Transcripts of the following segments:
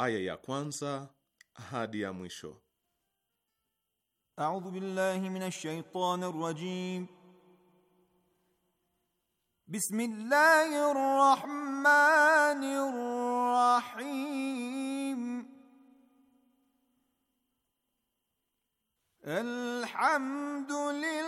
aya ya kwanza hadi ya mwisho. A'udhu billahi minash shaitanir rajim. Bismillahir rahmanir rahim. Alhamdulillah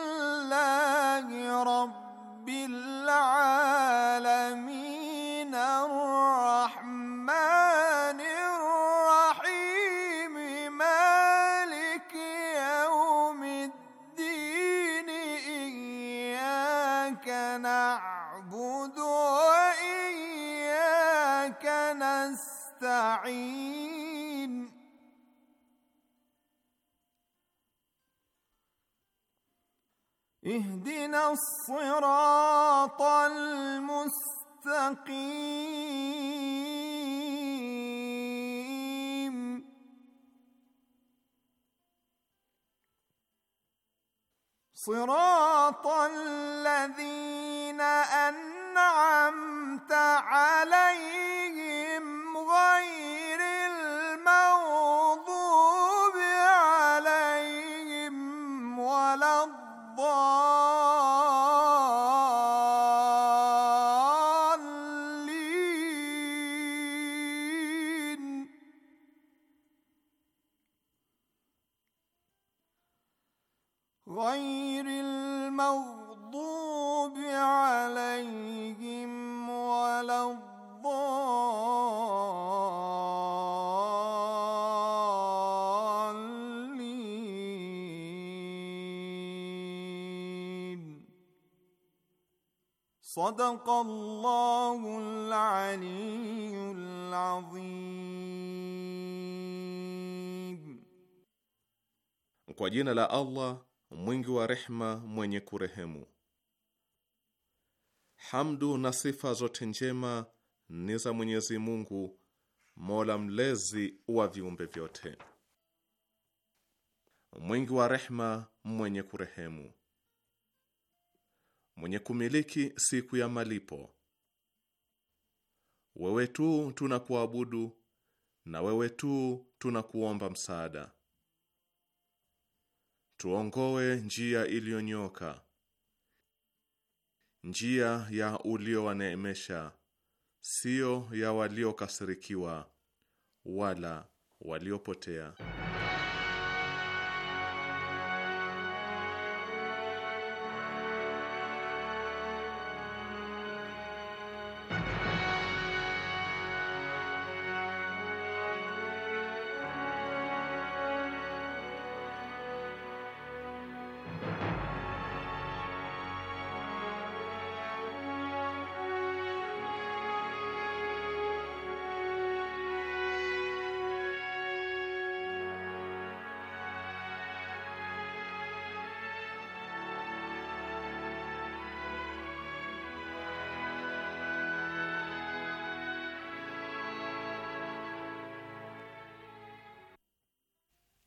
إياك نعبد وإياك نستعين اهدنا الصراط المستقيم صراط الذين أنعمت عليهم العلي العظيم Kwa jina la Allah mwingi wa rehma mwenye kurehemu. Hamdu na sifa zote njema ni za Mwenyezi Mungu Mola mlezi wa viumbe vyote, mwingi wa rehma mwenye kurehemu, mwenye kumiliki siku ya malipo wewe tu tunakuabudu na wewe tu tunakuomba msaada. Tuongoe njia iliyonyoka, njia ya uliowaneemesha, sio ya waliokasirikiwa wala waliopotea.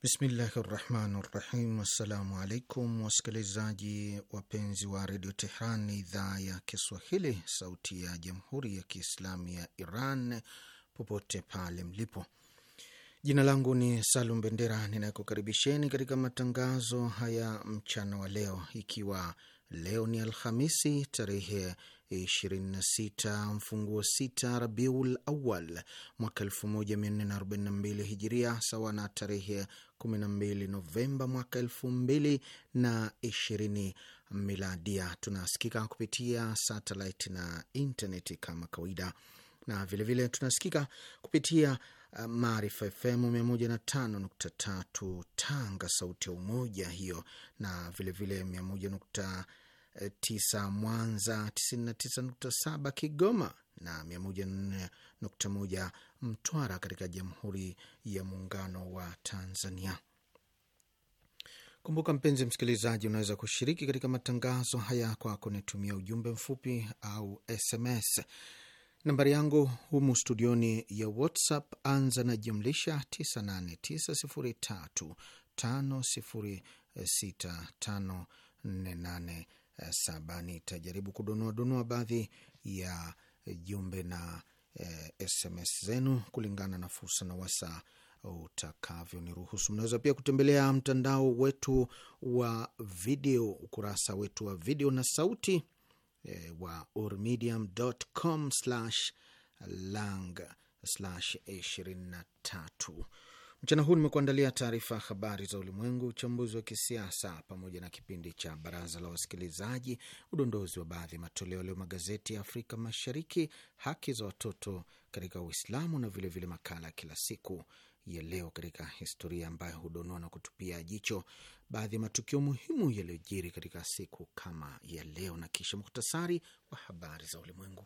Bismillahi rahmani rahim. Assalamu alaikum wasikilizaji wapenzi wa redio Tehran ni idhaa ya Kiswahili, sauti ya jamhuri ya kiislamu ya Iran, popote pale mlipo. Jina langu ni Salum Bendera ninakukaribisheni katika matangazo haya mchana wa leo, ikiwa leo ni Alhamisi tarehe 26 mfunguo 6 Rabiul Awal mwaka 1442 Hijiria, sawa na tarehe 12 Novemba mwaka na ishirini miladia. Tunasikika kupitia satelit na intaneti kama kawaida, na vilevile vile tunasikika kupitia eh, Maarifa FM tatu Tanga, sauti ya umoja hiyo, na vilevile tisa Mwanza, 99.7 Kigoma na 104.1 Mtwara katika Jamhuri ya Muungano wa Tanzania. Kumbuka mpenzi msikilizaji, unaweza kushiriki katika matangazo haya kwa kunitumia ujumbe mfupi au SMS. Nambari yangu humu studioni ya WhatsApp, anza na jumlisha 989035065487. Nitajaribu kudonoa donoa baadhi ya jumbe na e, eh, SMS zenu kulingana na fursa na wasa ni ruhusu Mnaweza pia kutembelea mtandao wetu wa video, ukurasa wetu wa video na sauti e, wa urmedium.com/lang/23 Mchana huu nimekuandalia taarifa ya habari za ulimwengu, uchambuzi wa kisiasa, pamoja na kipindi cha baraza la wasikilizaji, udondozi wa baadhi ya matoleo leo magazeti ya Afrika Mashariki, haki za watoto katika Uislamu na vilevile vile makala ya kila siku ya leo katika historia, ambayo hudonoa na kutupia jicho baadhi ya matukio muhimu yaliyojiri katika siku kama ya leo, na kisha muhtasari wa habari za ulimwengu.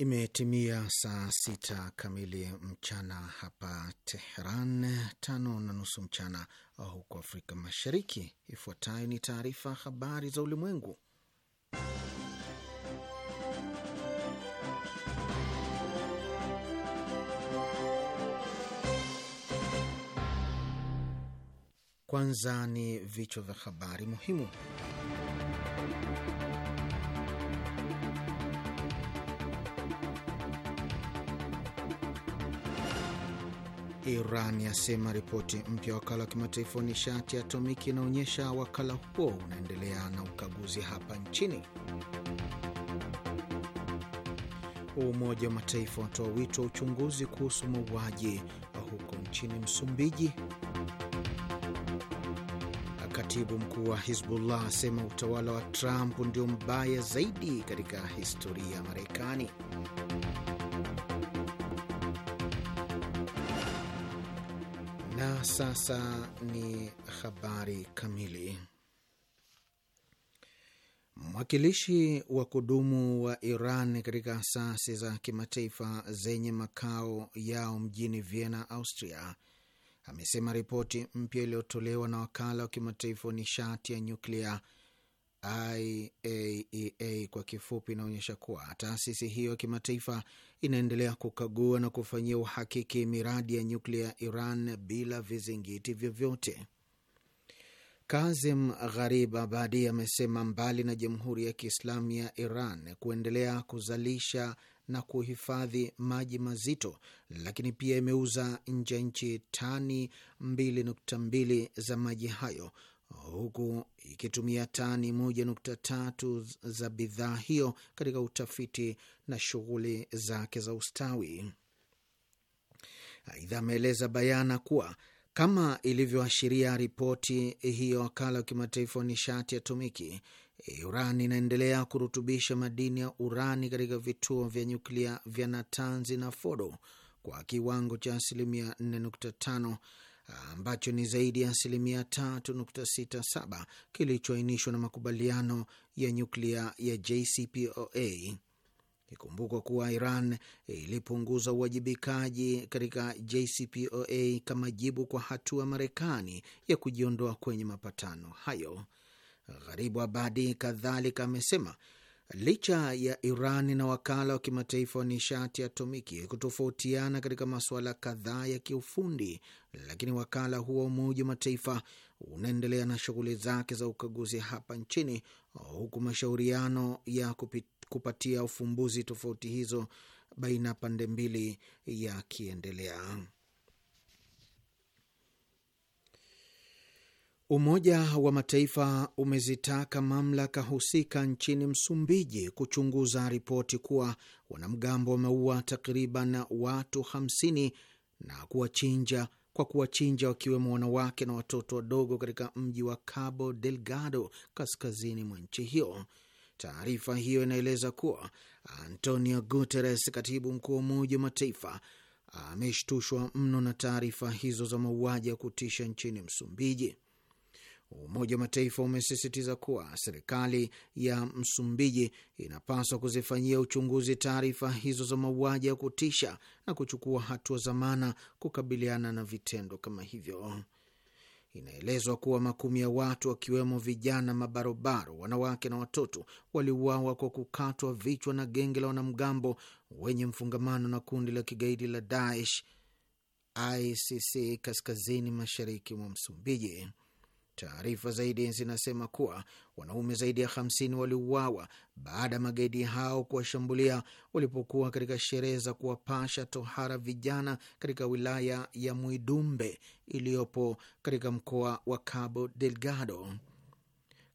Imetimia saa sita kamili mchana hapa Teheran, tano na nusu mchana huko Afrika Mashariki. Ifuatayo ni taarifa habari za ulimwengu, kwanza ni vichwa vya habari muhimu. Iran yasema ripoti mpya wakala wa kimataifa wa nishati ya atomiki inaonyesha wakala huo unaendelea na ukaguzi hapa nchini. Umoja wa Mataifa watoa wito wa uchunguzi kuhusu mauaji huko nchini Msumbiji. Katibu mkuu wa Hizbullah asema utawala wa Trump ndio mbaya zaidi katika historia ya Marekani. sasa ni habari kamili. Mwakilishi wa kudumu wa Iran katika asasi za kimataifa zenye makao yao mjini Vienna, Austria, amesema ripoti mpya iliyotolewa na wakala wa kimataifa wa nishati ya nyuklia IAEA e kwa kifupi inaonyesha kuwa taasisi hiyo ya kimataifa inaendelea kukagua na kufanyia uhakiki miradi ya nyuklia ya Iran bila vizingiti vyovyote. Kazim Gharib Abadi amesema mbali na Jamhuri ya Kiislamu ya Iran kuendelea kuzalisha na kuhifadhi maji mazito, lakini pia imeuza nje ya nchi tani 2.2 za maji hayo huku ikitumia tani moja nukta tatu za bidhaa hiyo katika utafiti na shughuli zake za ustawi. Aidha, ameeleza bayana kuwa kama ilivyoashiria ripoti hiyo wakala wa kimataifa wa nishati ya atomiki, Iran inaendelea kurutubisha madini ya urani katika vituo vya nyuklia vya Natanzi na Fordo kwa kiwango cha asilimia 4.5 ambacho ni zaidi ya asilimia 3.67 kilichoainishwa na makubaliano ya nyuklia ya JCPOA. Ikumbukwa kuwa Iran ilipunguza uwajibikaji katika JCPOA kama jibu kwa hatua Marekani ya kujiondoa kwenye mapatano hayo. Gharibu Abadi kadhalika amesema Licha ya Iran na wakala wa kimataifa wa nishati atomiki kutofautiana katika masuala kadhaa ya kiufundi, lakini wakala huo wa Umoja wa Mataifa unaendelea na shughuli zake za ukaguzi hapa nchini, huku mashauriano ya kupit, kupatia ufumbuzi tofauti hizo baina ya pande mbili yakiendelea. Umoja wa Mataifa umezitaka mamlaka husika nchini Msumbiji kuchunguza ripoti kuwa wanamgambo wameua takriban watu 50 na kuwachinja kwa kuwachinja wakiwemo wanawake na watoto wadogo katika mji wa Cabo Delgado kaskazini mwa nchi hiyo. Taarifa hiyo inaeleza kuwa Antonio Guterres, katibu mkuu wa Umoja wa Mataifa, ameshtushwa mno na taarifa hizo za mauaji ya kutisha nchini Msumbiji. Umoja wa Mataifa umesisitiza kuwa serikali ya Msumbiji inapaswa kuzifanyia uchunguzi taarifa hizo za mauaji ya kutisha na kuchukua hatua za maana kukabiliana na vitendo kama hivyo. Inaelezwa kuwa makumi ya watu wakiwemo vijana mabarobaro, wanawake na watoto waliuawa kwa kukatwa vichwa na genge la wanamgambo wenye mfungamano na kundi la kigaidi la Daesh ICC kaskazini mashariki mwa Msumbiji. Taarifa zaidi zinasema kuwa wanaume zaidi ya 50 waliuawa baada ya magaidi hao kuwashambulia walipokuwa katika sherehe za kuwapasha tohara vijana katika wilaya ya Mwidumbe iliyopo katika mkoa wa Cabo Delgado.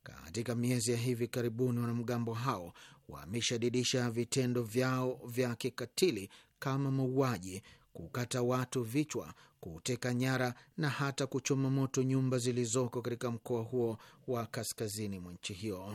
Katika miezi ya hivi karibuni, wanamgambo hao wameshadidisha vitendo vyao vya kikatili kama mauaji, kukata watu vichwa, kuteka nyara na hata kuchoma moto nyumba zilizoko katika mkoa huo wa kaskazini mwa nchi hiyo.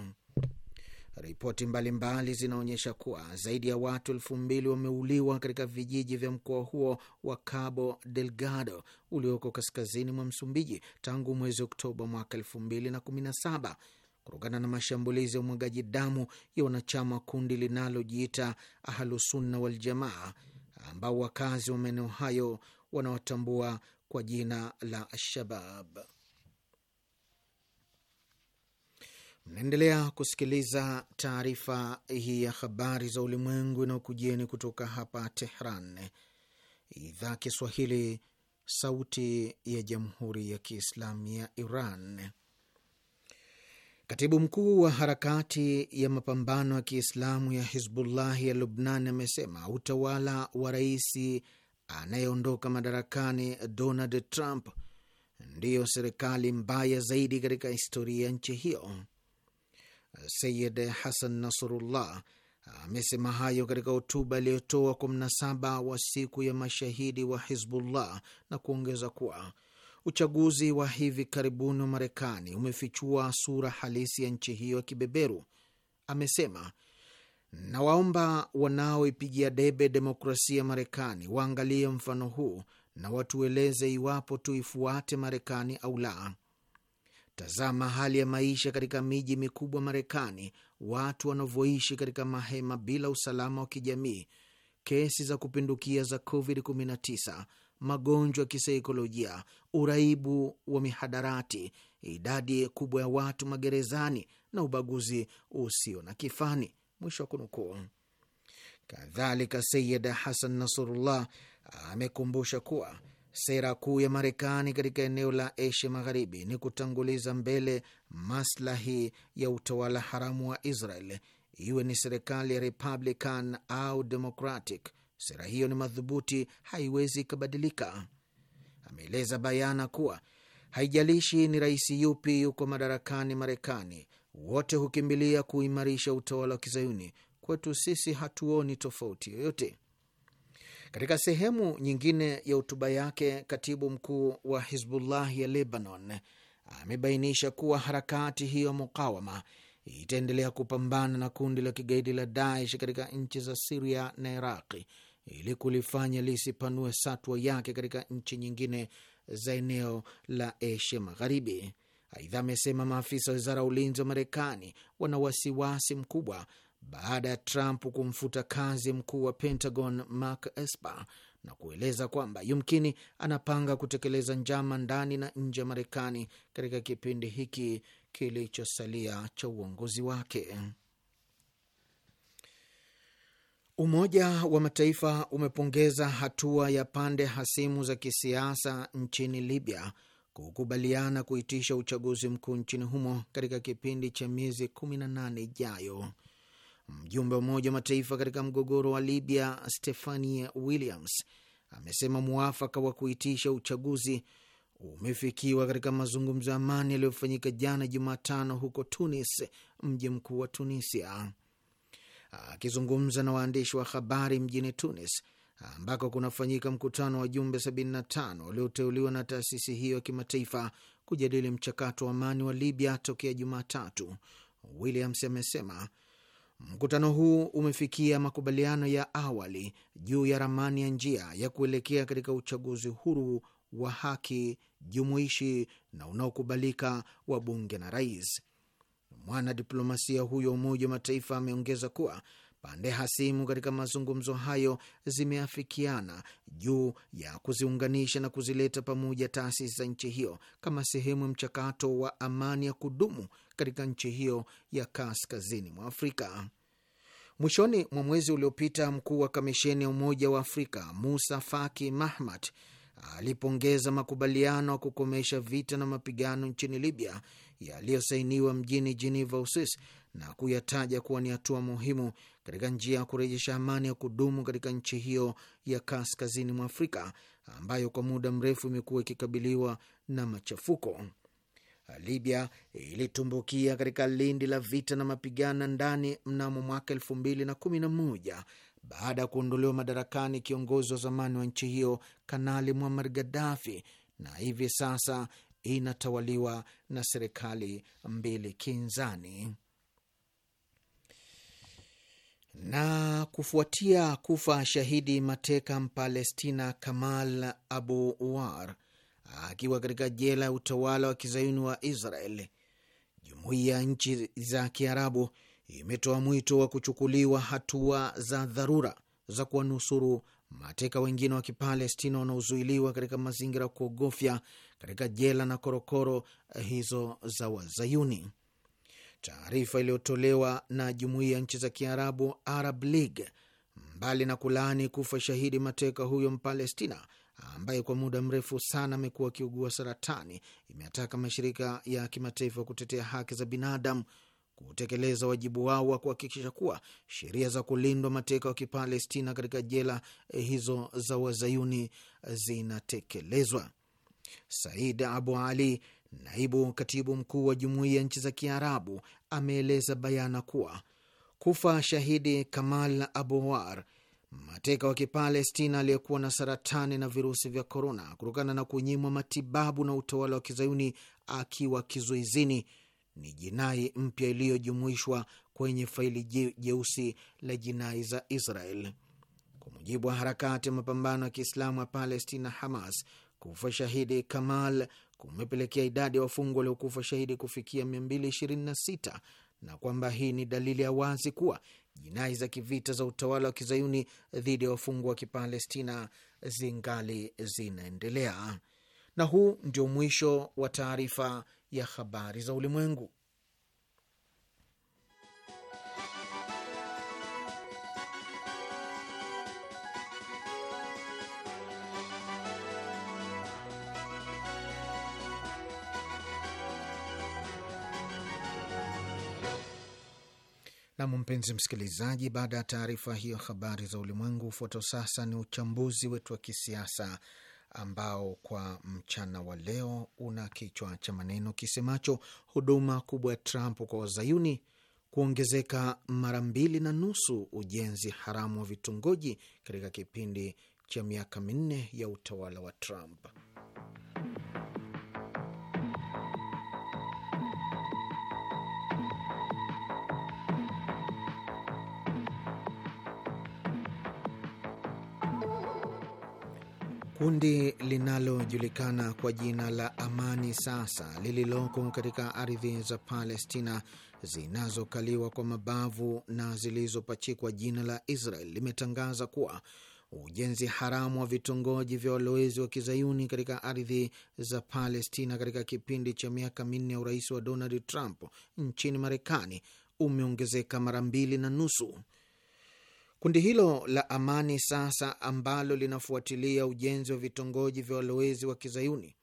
Ripoti mbalimbali zinaonyesha kuwa zaidi ya watu elfu mbili wameuliwa katika vijiji vya mkoa huo wa Cabo Delgado ulioko kaskazini mwa Msumbiji tangu mwezi Oktoba mwaka elfu mbili na kumi na saba kutokana na mashambulizi ya umwagaji damu ya wanachama wa kundi linalojiita Ahlusunna Waljamaa ambao wakazi wa maeneo hayo wanaotambua kwa jina la Shabab. Mnaendelea kusikiliza taarifa hii ya habari za ulimwengu inayokujieni kutoka hapa Tehran, idhaa Kiswahili, sauti ya jamhuri ya kiislamu ya Iran. Katibu mkuu wa harakati ya mapambano ya kiislamu ya Hizbullahi ya Lubnan amesema utawala wa raisi anayeondoka madarakani Donald Trump ndiyo serikali mbaya zaidi katika historia ya nchi hiyo. Sayid Hasan Nasrullah amesema hayo katika hotuba aliyotoa kwa mnasaba wa siku ya mashahidi wa Hizbullah na kuongeza kuwa uchaguzi wa hivi karibuni wa Marekani umefichua sura halisi ya nchi hiyo ya kibeberu. Amesema Nawaomba wanaoipigia debe demokrasia Marekani waangalie mfano huu na watueleze iwapo tuifuate Marekani au la. Tazama hali ya maisha katika miji mikubwa Marekani, watu wanavyoishi katika mahema bila usalama wa kijamii, kesi za kupindukia za COVID-19, magonjwa ya kisaikolojia, uraibu wa mihadarati, idadi kubwa ya watu magerezani na ubaguzi usio na kifani. Mwisho wa kunukuu. Kadhalika, Sayid Hasan Nasrullah amekumbusha kuwa sera kuu ya Marekani katika eneo la Asia Magharibi ni kutanguliza mbele maslahi ya utawala haramu wa Israel, iwe ni serikali ya Republican au Democratic. Sera hiyo ni madhubuti, haiwezi ikabadilika. Ameeleza bayana kuwa haijalishi ni rais yupi yuko madarakani Marekani, wote hukimbilia kuimarisha utawala wa Kizayuni. Kwetu sisi hatuoni tofauti yoyote. Katika sehemu nyingine ya hotuba yake, katibu mkuu wa Hizbullah ya Lebanon amebainisha kuwa harakati hiyo mukawama itaendelea kupambana na kundi la kigaidi la Daesh katika nchi za Siria na Iraqi ili kulifanya lisipanue satwa yake katika nchi nyingine za eneo la Asia Magharibi. Aidha, amesema maafisa wa wizara ya ulinzi wa Marekani wana wasiwasi mkubwa baada ya Trump kumfuta kazi mkuu wa Pentagon Mark Esper na kueleza kwamba yumkini anapanga kutekeleza njama ndani na nje ya Marekani katika kipindi hiki kilichosalia cha uongozi wake. Umoja wa Mataifa umepongeza hatua ya pande hasimu za kisiasa nchini Libya kukubaliana kuitisha uchaguzi mkuu nchini humo katika kipindi cha miezi 18 ijayo. Mjumbe wa Umoja wa Mataifa katika mgogoro wa Libya, Stefania Williams, amesema mwafaka wa kuitisha uchaguzi umefikiwa katika mazungumzo ya amani yaliyofanyika jana Jumatano huko Tunis, mji mkuu wa Tunisia. Akizungumza na waandishi wa habari mjini Tunis, ambako kunafanyika mkutano wa jumbe 75 walioteuliwa na taasisi hiyo ya kimataifa kujadili mchakato wa amani wa Libya tokea Jumatatu, Williams amesema mkutano huu umefikia makubaliano ya awali juu ya ramani ya njia ya kuelekea katika uchaguzi huru wa haki, jumuishi na unaokubalika wa bunge na rais. Mwanadiplomasia huyo wa Umoja wa Mataifa ameongeza kuwa Pande hasimu katika mazungumzo hayo zimeafikiana juu ya kuziunganisha na kuzileta pamoja taasisi za nchi hiyo kama sehemu ya mchakato wa amani ya kudumu katika nchi hiyo ya kaskazini mwa Afrika. Mwishoni mwa mwezi uliopita, mkuu wa kamisheni ya Umoja wa Afrika Musa Faki Mahamat alipongeza makubaliano ya kukomesha vita na mapigano nchini Libya yaliyosainiwa mjini Geneva, Uswisi, na kuyataja kuwa ni hatua muhimu katika njia ya kurejesha amani ya kudumu katika nchi hiyo ya kaskazini mwa Afrika ambayo kwa muda mrefu imekuwa ikikabiliwa na machafuko. Libya ilitumbukia katika lindi la vita na mapigano ndani mnamo mwaka elfu mbili na kumi na moja baada ya kuondolewa madarakani kiongozi wa zamani wa nchi hiyo Kanali Muammar Gaddafi, na hivi sasa inatawaliwa na serikali mbili kinzani. Na kufuatia kufa shahidi mateka Mpalestina Kamal Abu War akiwa katika jela ya utawala wa kizayuni wa Israel, jumuiya ya nchi za Kiarabu imetoa mwito wa kuchukuliwa hatua za dharura za kuwanusuru mateka wengine wa Kipalestina wanaozuiliwa katika mazingira ya kuogofya katika jela na korokoro hizo za Wazayuni. Taarifa iliyotolewa na jumuiya ya nchi za Kiarabu, Arab League, mbali na kulaani kufa shahidi mateka huyo Mpalestina ambaye kwa muda mrefu sana amekuwa akiugua saratani, imeataka mashirika ya kimataifa kutetea haki za binadamu kutekeleza wajibu wao wa kuhakikisha kuwa sheria za kulindwa mateka wa Kipalestina katika jela eh, hizo za wazayuni zinatekelezwa. Said Abu Ali Naibu katibu mkuu wa Jumuiya ya Nchi za Kiarabu ameeleza bayana kuwa kufa shahidi Kamal abuar mateka wa Kipalestina aliyekuwa na saratani na virusi vya korona, kutokana na kunyimwa matibabu na utawala wa kizayuni akiwa kizuizini, ni jinai mpya iliyojumuishwa kwenye faili jeusi la jinai za Israel. Kwa mujibu wa harakati ya mapambano ya Kiislamu ya Palestina, Hamas, kufa shahidi Kamal kumepelekea idadi ya wafungwa waliokufa shahidi kufikia 226 na kwamba hii ni dalili ya wazi kuwa jinai za kivita za utawala wa kizayuni dhidi ya wafungwa wa Kipalestina zingali zinaendelea. Na huu ndio mwisho wa taarifa ya habari za ulimwengu. Nam, mpenzi msikilizaji, baada ya taarifa hiyo habari za ulimwengu, ufuatao sasa ni uchambuzi wetu wa kisiasa ambao kwa mchana wa leo una kichwa cha maneno kisemacho huduma kubwa ya Trump kwa wazayuni, kuongezeka mara mbili na nusu ujenzi haramu wa vitongoji katika kipindi cha miaka minne ya utawala wa Trump. Kundi linalojulikana kwa jina la Amani Sasa lililoko katika ardhi za Palestina zinazokaliwa kwa mabavu na zilizopachikwa jina la Israel limetangaza kuwa ujenzi haramu wa vitongoji vya walowezi wa kizayuni katika ardhi za Palestina katika kipindi cha miaka minne ya urais wa Donald Trump nchini Marekani umeongezeka mara mbili na nusu. Kundi hilo la Amani sasa ambalo linafuatilia ujenzi wa vitongoji vya walowezi wa kizayuni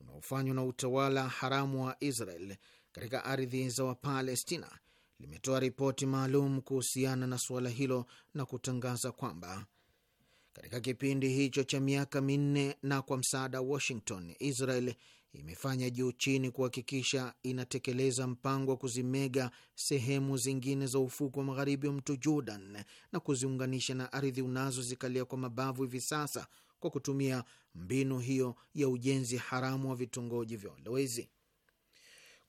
unaofanywa na utawala haramu wa Israel katika ardhi za Wapalestina limetoa ripoti maalum kuhusiana na suala hilo na kutangaza kwamba katika kipindi hicho cha miaka minne na kwa msaada wa Washington, Israel imefanya juu chini kuhakikisha inatekeleza mpango wa kuzimega sehemu zingine za ufuko wa magharibi wa mto Jordan na kuziunganisha na ardhi unazozikalia kwa mabavu hivi sasa kwa kutumia mbinu hiyo ya ujenzi haramu wa vitongoji vya walowezi.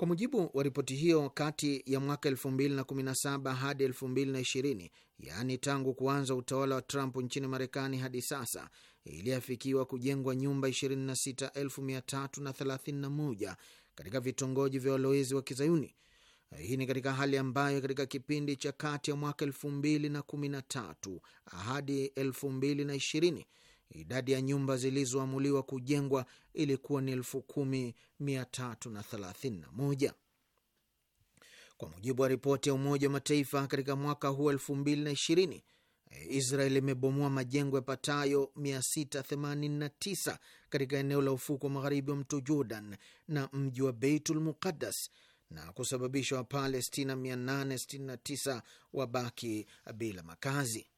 Kwa mujibu wa ripoti hiyo, kati ya mwaka 2017 hadi 2020, yaani tangu kuanza utawala wa Trump nchini Marekani hadi sasa, iliafikiwa kujengwa nyumba 26331 katika vitongoji vya walowezi wa Kizayuni. Hii ni katika hali ambayo katika kipindi cha kati ya mwaka 2013 hadi 2020 idadi ya nyumba zilizoamuliwa kujengwa ilikuwa ni elfu kumi mia tatu na thelathini na moja kwa mujibu wa ripoti ya Umoja wa Mataifa. Katika mwaka huu elfu mbili na ishirini Israel imebomoa majengo yapatayo 689 katika eneo la ufuko wa magharibi wa mto Jordan na mji wa Beitul Muqaddas na kusababisha Wapalestina 869 wabaki bila makazi.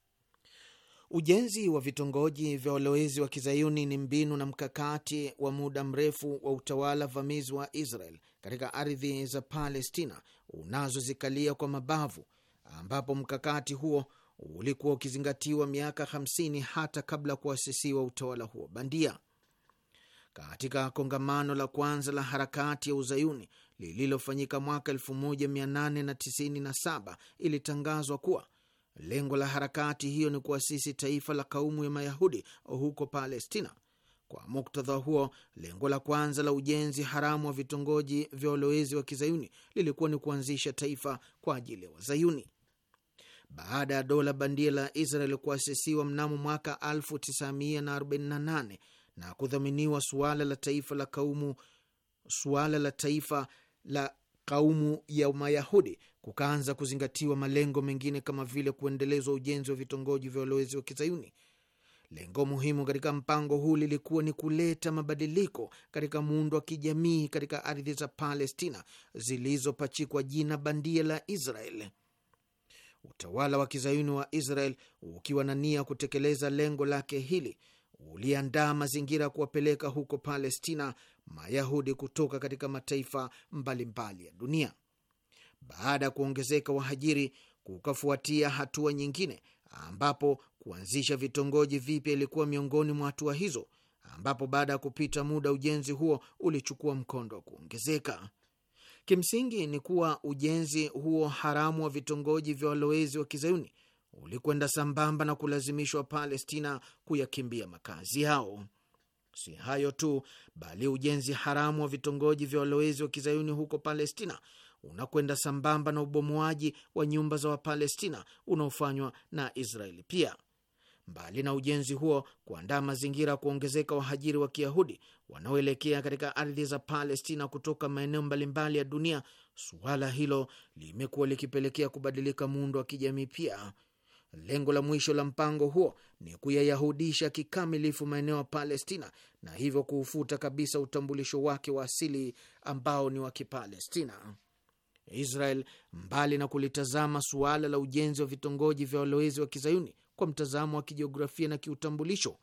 Ujenzi wa vitongoji vya walowezi wa kizayuni ni mbinu na mkakati wa muda mrefu wa utawala vamizi wa Israel katika ardhi za Palestina unazozikalia kwa mabavu, ambapo mkakati huo ulikuwa ukizingatiwa miaka 50 hata kabla ya kuasisiwa utawala huo bandia. Katika kongamano la kwanza la harakati ya uzayuni lililofanyika mwaka 1897 ilitangazwa kuwa Lengo la harakati hiyo ni kuasisi taifa la kaumu ya Mayahudi huko Palestina. Kwa muktadha huo, lengo la kwanza la ujenzi haramu wa vitongoji vya walowezi wa kizayuni lilikuwa ni kuanzisha taifa kwa ajili ya Wazayuni. Baada ya dola bandia la Israel kuasisiwa mnamo mwaka 1948 na kudhaminiwa suala la taifa la kaumu suala la taifa la kaumu ya Mayahudi kukaanza kuzingatiwa malengo mengine kama vile kuendelezwa ujenzi wa vitongoji vya walowezi wa Kizayuni. Lengo muhimu katika mpango huu lilikuwa ni kuleta mabadiliko katika muundo wa kijamii katika ardhi za Palestina zilizopachikwa jina bandia la Israel. Utawala wa Kizayuni wa Israel ukiwa na nia kutekeleza lengo lake hili uliandaa mazingira ya kuwapeleka huko Palestina Mayahudi kutoka katika mataifa mbalimbali mbali ya dunia baada ya kuongezeka wahajiri kukafuatia hatua nyingine ambapo kuanzisha vitongoji vipya ilikuwa miongoni mwa hatua hizo, ambapo baada ya kupita muda ujenzi huo ulichukua mkondo wa kuongezeka. Kimsingi ni kuwa ujenzi huo haramu wa vitongoji vya walowezi wa kizayuni ulikwenda sambamba na kulazimishwa Palestina kuyakimbia makazi yao. Si hayo tu, bali ujenzi haramu wa vitongoji vya walowezi wa kizayuni huko Palestina unakwenda sambamba na ubomoaji wa nyumba za Wapalestina unaofanywa na Israeli. Pia mbali na ujenzi huo, kuandaa mazingira ya kuongezeka wahajiri wa Kiyahudi wanaoelekea katika ardhi za Palestina kutoka maeneo mbalimbali ya dunia, suala hilo limekuwa likipelekea kubadilika muundo wa kijamii pia. Lengo la mwisho la mpango huo ni kuyayahudisha kikamilifu maeneo ya Palestina na hivyo kuufuta kabisa utambulisho wake wa asili ambao ni wa Kipalestina. Israel, mbali na kulitazama suala la ujenzi wa vitongoji vya walowezi wa kizayuni kwa mtazamo wa kijiografia na kiutambulisho,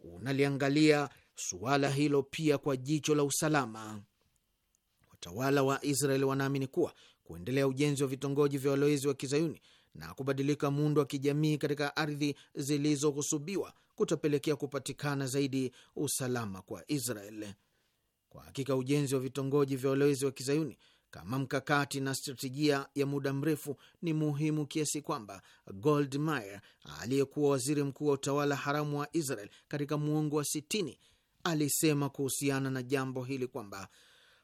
unaliangalia suala hilo pia kwa jicho la usalama. Watawala wa Israel wanaamini kuwa kuendelea ujenzi wa vitongoji vya walowezi wa kizayuni na kubadilika muundo wa kijamii katika ardhi zilizohusubiwa kutapelekea kupatikana zaidi usalama kwa Israel. Kwa hakika ujenzi wa vitongoji vya walowezi wa kizayuni kama mkakati na stratejia ya muda mrefu ni muhimu kiasi kwamba Goldmeier aliyekuwa waziri mkuu wa utawala haramu wa Israel katika muongo wa 60 alisema kuhusiana na jambo hili kwamba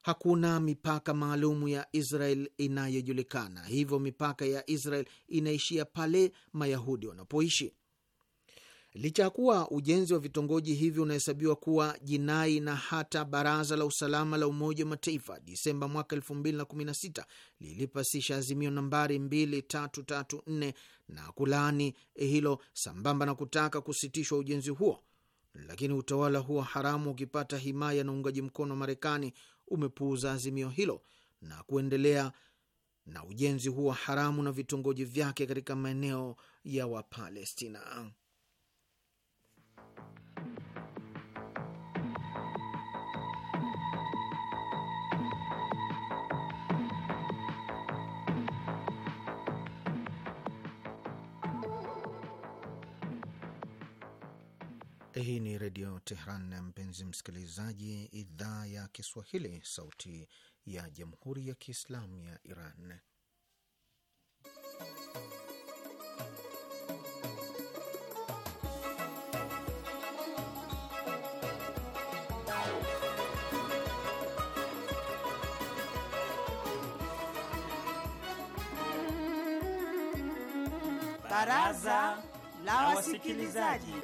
hakuna mipaka maalumu ya Israel inayojulikana, hivyo mipaka ya Israel inaishia pale Mayahudi wanapoishi. Licha ya kuwa ujenzi wa vitongoji hivyo unahesabiwa kuwa jinai na hata Baraza la Usalama la Umoja wa Mataifa Disemba mwaka 2016 lilipasisha azimio nambari 2334 na kulaani hilo sambamba na kutaka kusitishwa ujenzi huo, lakini utawala huo haramu ukipata himaya na uungaji mkono wa Marekani umepuuza azimio hilo na kuendelea na ujenzi huo haramu na vitongoji vyake katika maeneo ya Wapalestina. Hii ni Redio Tehran, mpenzi msikilizaji, idhaa ya Kiswahili, sauti ya Jamhuri ya Kiislamu ya Iran. Baraza la Wasikilizaji.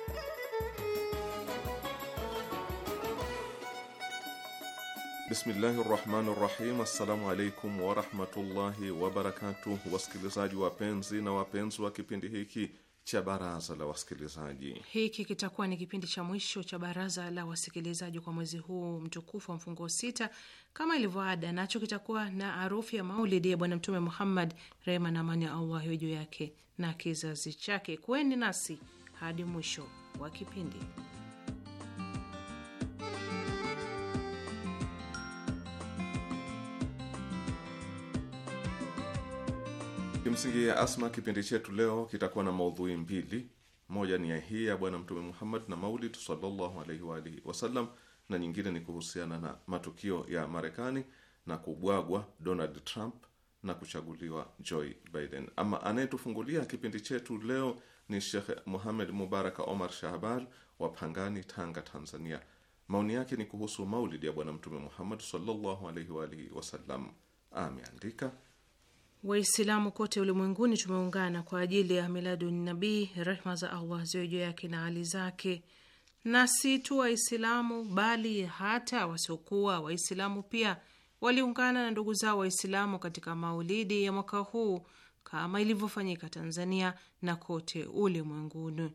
Bismillahi rahmani rahim. Assalamu alaikum warahmatullahi wabarakatuh. Wasikilizaji wapenzi na wapenzi wa kipindi hiki cha baraza la wasikilizaji, hiki kitakuwa ni kipindi cha mwisho cha baraza la wasikilizaji kwa mwezi huu mtukufu wa mfungo sita. Kama ilivyoada, nacho kitakuwa na arufu ya maulidi ya Bwana Mtume Muhammad, rehma na amani ya Allah juu yake na kizazi chake. Kuweni nasi hadi mwisho wa kipindi. Kimsingi ya Asma, kipindi chetu leo kitakuwa na maudhui mbili. Moja ni ya hii ya Bwana Mtume Muhammad na Maulid sallallahu alaihi wa alihi wasallam, na nyingine ni kuhusiana na matukio ya Marekani na kubwagwa Donald Trump na kuchaguliwa Joe Biden. Ama anayetufungulia kipindi chetu leo ni Shekh Muhamed Mubaraka Omar Shahbal wa Pangani, Tanga, Tanzania. Maoni yake ni kuhusu maulidi ya Bwana Mtume Muhammad sallallahu alaihi wa alihi wasallam. Ameandika Waislamu kote ulimwenguni tumeungana kwa ajili ya miladu nabii, rehma za Allah ziwe juu yake na hali zake, na si tu Waislamu bali hata wasiokuwa Waislamu pia waliungana na ndugu zao Waislamu katika maulidi ya mwaka huu kama ilivyofanyika Tanzania na kote ulimwenguni.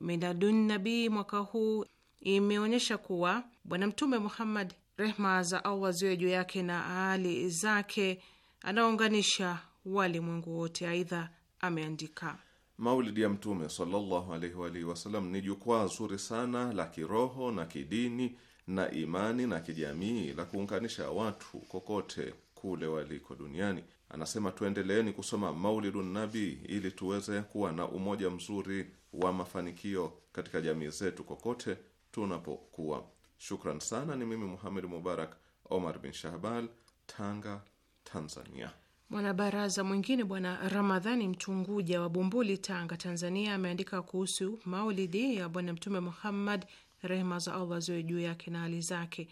Miladun nabii mwaka huu imeonyesha kuwa Bwana Mtume Muhammad, rehma za Allah ziwe juu yake na hali zake, anaunganisha walimwengu wote. Aidha ameandika Maulidi ya Mtume sallallahu alaihi wa alihi wasallam ni jukwaa zuri sana la kiroho na kidini na imani na kijamii la kuunganisha watu kokote kule waliko duniani. Anasema, tuendeleeni kusoma maulidu nabi ili tuweze kuwa na umoja mzuri wa mafanikio katika jamii zetu kokote tunapokuwa. Shukran sana. Ni mimi Muhamed Mubarak Omar bin Shahbal, Tanga, Tanzania. Mwanabaraza mwingine bwana Ramadhani Mtunguja wa Bumbuli, Tanga, Tanzania, ameandika kuhusu maulidi ya Bwana Mtume Muhammad, rehma za Allah ziwe juu yake na hali zake.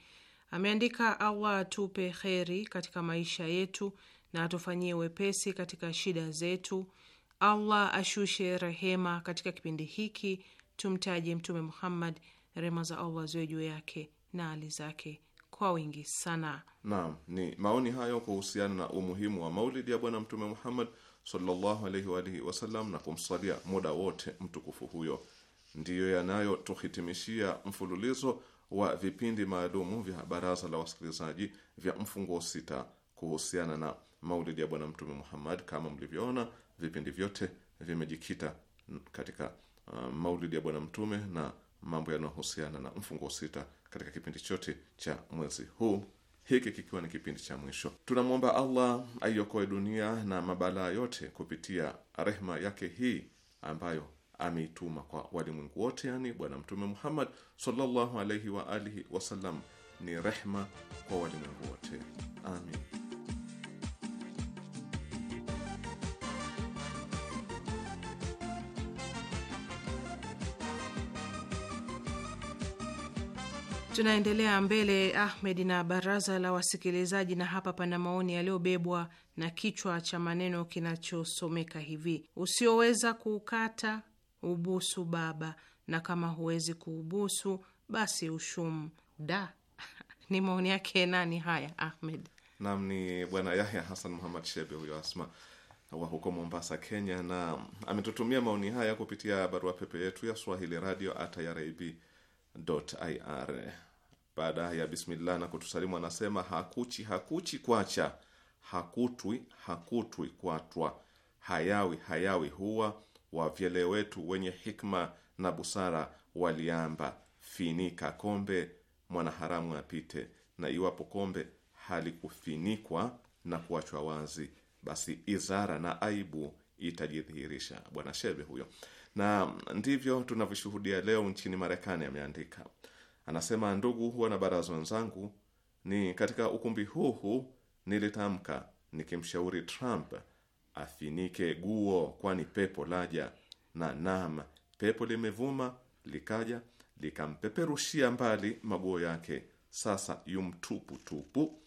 Ameandika, Allah atupe kheri katika maisha yetu na atufanyie wepesi katika shida zetu. Allah ashushe rehema katika kipindi hiki. Tumtaje Mtume Muhammad, rehma za Allah ziwe juu yake na hali zake kwa wingi sana. Naam, ni maoni hayo kuhusiana na umuhimu wa maulidi ya Bwana Mtume Muhammad sallallahu alaihi wa alihi wasallam na kumsalia muda wote mtukufu huyo, ndiyo yanayotuhitimishia mfululizo wa vipindi maalumu vya baraza la wasikilizaji vya mfungo sita kuhusiana na maulidi ya Bwana Mtume Muhammad. Kama mlivyoona, vipindi vyote vimejikita katika uh, maulidi ya Bwana Mtume na mambo yanayohusiana na mfungo sita katika kipindi chote cha mwezi huu, hiki kikiwa ni kipindi cha mwisho. Tunamwomba Allah aiokoe dunia na mabalaa yote kupitia rehma yake hii ambayo ameituma kwa walimwengu wote, yani Bwana Mtume Muhammad sallallahu alaihi wa alihi wasallam ni rehma kwa walimwengu wote. Amin. Tunaendelea mbele Ahmed na baraza la wasikilizaji, na hapa pana maoni yaliyobebwa na kichwa cha maneno kinachosomeka hivi: usioweza kuukata ubusu baba, na kama huwezi kuubusu basi ushum da. Ni maoni yake nani haya, Ahmed? Naam, ni bwana Yahya Hasan Muhammad Shebe huyo Asma wa huko Mombasa, Kenya, na ametutumia maoni haya kupitia barua pepe yetu ya swahili radio at irib ir baada ya bismillah na kutusalimu, anasema hakuchi hakuchi kwacha, hakutwi hakutwi kwatwa, hayawi hayawi huwa, wavyele wetu wenye hikma na busara waliamba, finika kombe mwanaharamu apite, na iwapo kombe halikufinikwa na kuachwa wazi, basi izara na aibu itajidhihirisha. Bwana Shebe huyo, na ndivyo tunavyoshuhudia leo nchini Marekani, ameandika Anasema, ndugu na baraza wenzangu, ni katika ukumbi huu huu nilitamka nikimshauri Trump afinike guo, kwani pepo laja. Na naam, pepo limevuma likaja likampeperushia mbali maguo yake, sasa yumtupu tupu.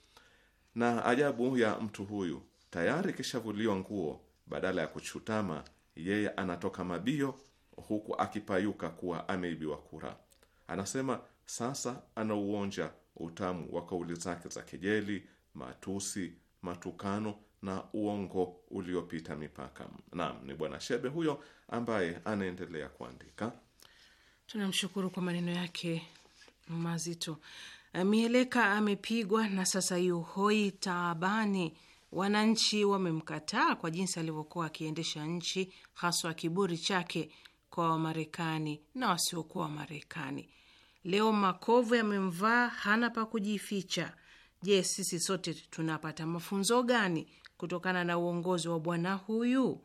Na ajabu ya mtu huyu, tayari kishavuliwa nguo, badala ya kuchutama yeye anatoka mabio, huku akipayuka kuwa ameibiwa kura. Anasema sasa anauonja utamu wa kauli zake za kejeli, matusi, matukano na uongo uliopita mipaka. Naam, ni bwana Shebe huyo ambaye anaendelea kuandika. Tunamshukuru kwa maneno yake mazito. Eh, mieleka amepigwa na sasa yuhoi taabani. Wananchi wamemkataa kwa jinsi alivyokuwa akiendesha nchi, haswa kiburi chake kwa Wamarekani na wasiokuwa Wamarekani. Leo makovu yamemvaa, hana pa kujificha. Je, sisi sote tunapata mafunzo gani kutokana na uongozi wa bwana huyu?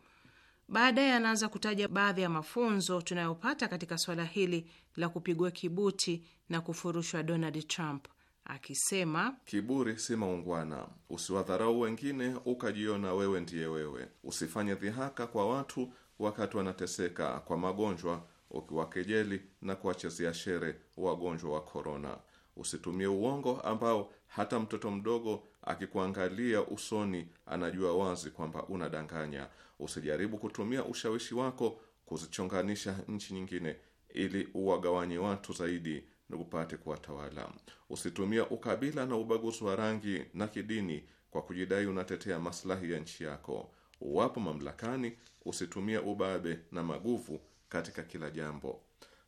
Baadaye anaanza kutaja baadhi ya mafunzo tunayopata katika swala hili la kupigwa kibuti na kufurushwa Donald Trump akisema, kiburi si maungwana, usiwadharau wengine ukajiona wewe ndiye wewe, usifanye dhihaka kwa watu wakati wanateseka kwa magonjwa ukiwakejeli na kuwachezea shere wagonjwa wa korona. Usitumie uongo ambao hata mtoto mdogo akikuangalia usoni anajua wazi kwamba unadanganya. Usijaribu kutumia ushawishi wako kuzichonganisha nchi nyingine ili uwagawanye watu zaidi na upate kuwatawala. usitumia ukabila na ubaguzi wa rangi na kidini kwa kujidai unatetea maslahi ya nchi yako. Uwapo mamlakani, usitumie ubabe na maguvu katika kila jambo.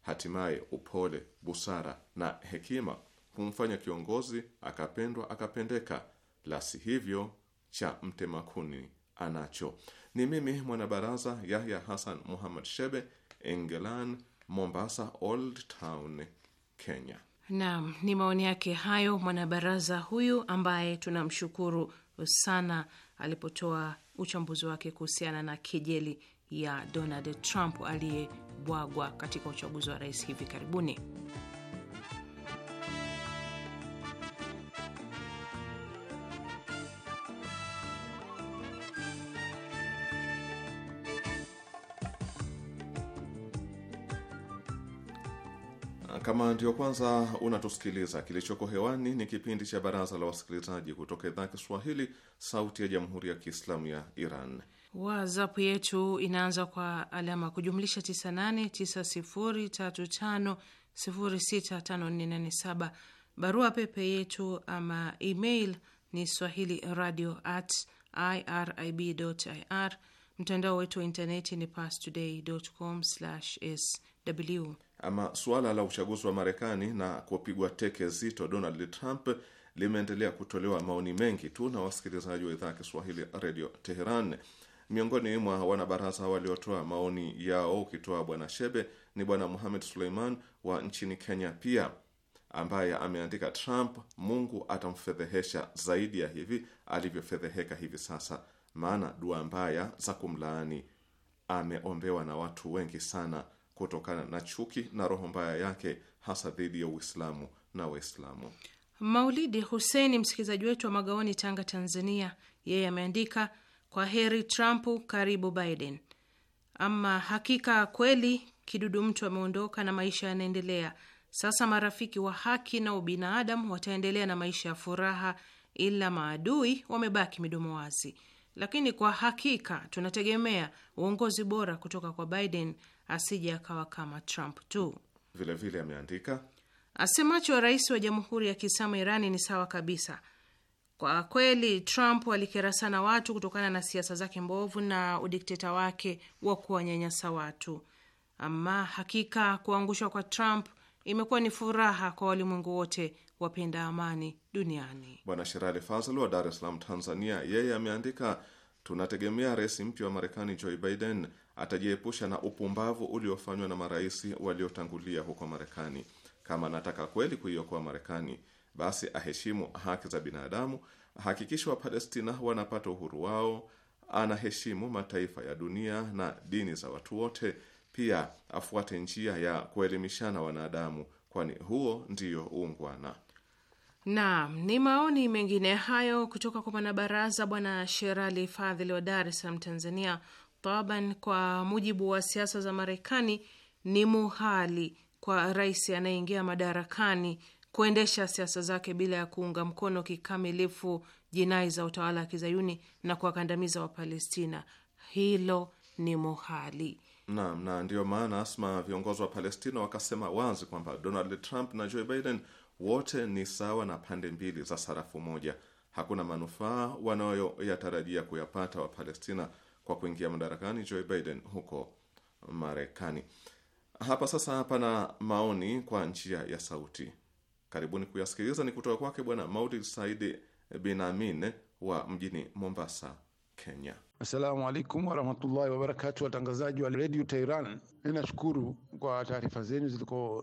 Hatimaye upole, busara na hekima humfanya kiongozi akapendwa akapendeka, la si hivyo cha mtemakuni anacho. Ni mimi mwanabaraza Yahya Hassan Muhammad Shebe, England, Mombasa, Old Town, Kenya. Naam, ni maoni yake hayo mwanabaraza huyu ambaye tunamshukuru sana alipotoa uchambuzi wake kuhusiana na kejeli ya Donald Trump aliyebwagwa katika uchaguzi wa rais hivi karibuni. Kama ndio kwanza unatusikiliza, kilichoko hewani ni kipindi cha Baraza la Wasikilizaji kutoka idhaa ya Kiswahili, Sauti ya Jamhuri ya Kiislamu ya Iran. WhatsApp yetu inaanza kwa alama kujumlisha 989035065487. Barua pepe yetu ama email ni swahili radio at irib ir. Mtandao wetu wa intaneti ni pastoday.com sw. Ama suala la uchaguzi wa Marekani na kupigwa teke zito Donald Trump limeendelea kutolewa maoni mengi tu na wasikilizaji wa idhaa ya Kiswahili redio Teheran. Miongoni mwa wanabaraza waliotoa maoni yao, ukitoa bwana Shebe, ni bwana Muhamed Suleiman wa nchini Kenya pia ambaye ameandika, Trump Mungu atamfedhehesha zaidi ya hivi alivyofedheheka hivi sasa, maana dua mbaya za kumlaani ameombewa na watu wengi sana kutokana na chuki na roho mbaya yake hasa dhidi ya Uislamu na Waislamu. Maulidi Hussein, msikilizaji wetu wa Magaoni, Tanga, Tanzania, yeye ameandika kwa heri Trump, karibu Biden. Ama hakika kweli kidudu mtu ameondoka na maisha yanaendelea. Sasa marafiki wa haki na ubinadamu wataendelea na maisha ya furaha, ila maadui wamebaki midomo wazi. Lakini kwa hakika tunategemea uongozi bora kutoka kwa Biden, asije akawa kama Trump tu. Vilevile ameandika asemacho rais wa Jamhuri ya Kiislamu Irani ni sawa kabisa kwa kweli Trump alikera sana watu kutokana na siasa zake mbovu na udikteta wake wa kuwanyanyasa watu. Ama hakika kuangushwa kwa Trump imekuwa ni furaha kwa walimwengu wote wapenda amani duniani. Bwana Sherali Fazl wa Dar es Salaam, Tanzania, yeye ameandika tunategemea rais mpya wa Marekani Joe Biden atajiepusha na upumbavu uliofanywa na marais waliotangulia huko Marekani. Kama anataka kweli kuiokoa Marekani basi aheshimu haki za binadamu, ahakikishe Wapalestina wanapata uhuru wao, anaheshimu mataifa ya dunia na dini za watu wote. Pia afuate njia ya kuelimishana wanadamu, kwani huo ndiyo uungwana. Naam, ni maoni mengine hayo kutoka kwa mwanabaraza Bwana Sherali Fadhili wa Dar es Salaam, Tanzania. Taban, kwa mujibu wa siasa za Marekani ni muhali kwa rais anayeingia madarakani kuendesha siasa zake bila ya kuunga mkono kikamilifu jinai za utawala wa kizayuni na kuwakandamiza Wapalestina. Hilo ni muhali nam na, ndiyo maana Asma, viongozi wa Palestina wakasema wazi kwamba Donald Trump na Joe Biden wote ni sawa na pande mbili za sarafu moja. Hakuna manufaa wanayoyatarajia kuyapata Wapalestina kwa kuingia madarakani Joe Biden huko Marekani. Hapa sasa hapa na maoni kwa njia ya sauti. Karibuni kuyasikiliza ni kutoka kwake Bwana Maulid Saidi bin Amin wa mjini Mombasa, Kenya. Assalamu alaikum warahmatullahi wabarakatu, watangazaji wa redio Tehran, ninashukuru kwa taarifa zenu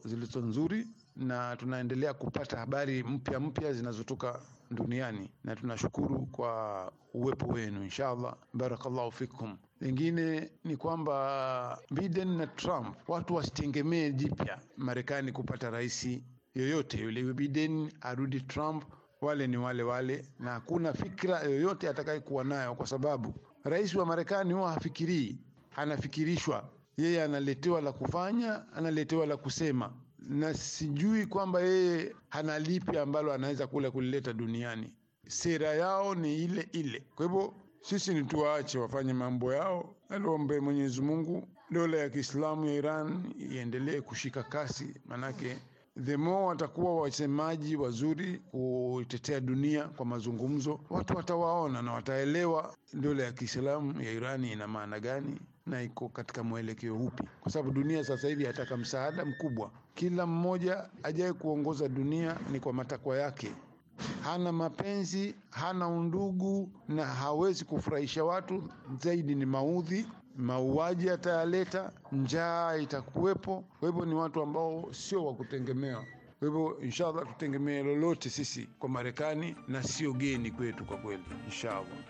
zilizo nzuri, na tunaendelea kupata habari mpya mpya zinazotoka duniani, na tunashukuru kwa uwepo wenu. Inshallah, barakallahu fikum. Lingine ni kwamba Biden na Trump, watu wasitengemee jipya Marekani kupata raisi yoyote yule. Biden arudi Trump, wale ni wale wale, na hakuna fikra yoyote atakayekuwa nayo, kwa sababu rais wa Marekani huwa hafikirii, anafikirishwa yeye, analetewa la kufanya, analetewa la kusema, na sijui kwamba yeye hana lipi ambalo anaweza kula kulileta duniani. Sera yao ni ile ile, kwa hivyo sisi ni tuwaache wafanye mambo yao. Aliombe Mwenyezi Mungu dola ya Kiislamu ya Iran iendelee kushika kasi, manake the more watakuwa wasemaji wazuri kutetea dunia kwa mazungumzo, watu watawaona na wataelewa dola ya Kiislamu ya Irani ina maana gani na iko katika mwelekeo upi, kwa sababu dunia sasa hivi yataka msaada mkubwa. Kila mmoja ajaye kuongoza dunia ni kwa matakwa yake hana mapenzi, hana undugu na hawezi kufurahisha watu, zaidi ni maudhi, mauaji atayaleta, njaa itakuwepo. Kwa hivyo ni watu ambao sio wa kutegemewa. Kwa hivyo inshallah, tutegemee lolote sisi kwa Marekani, na sio geni kwetu kwa kweli, inshallah.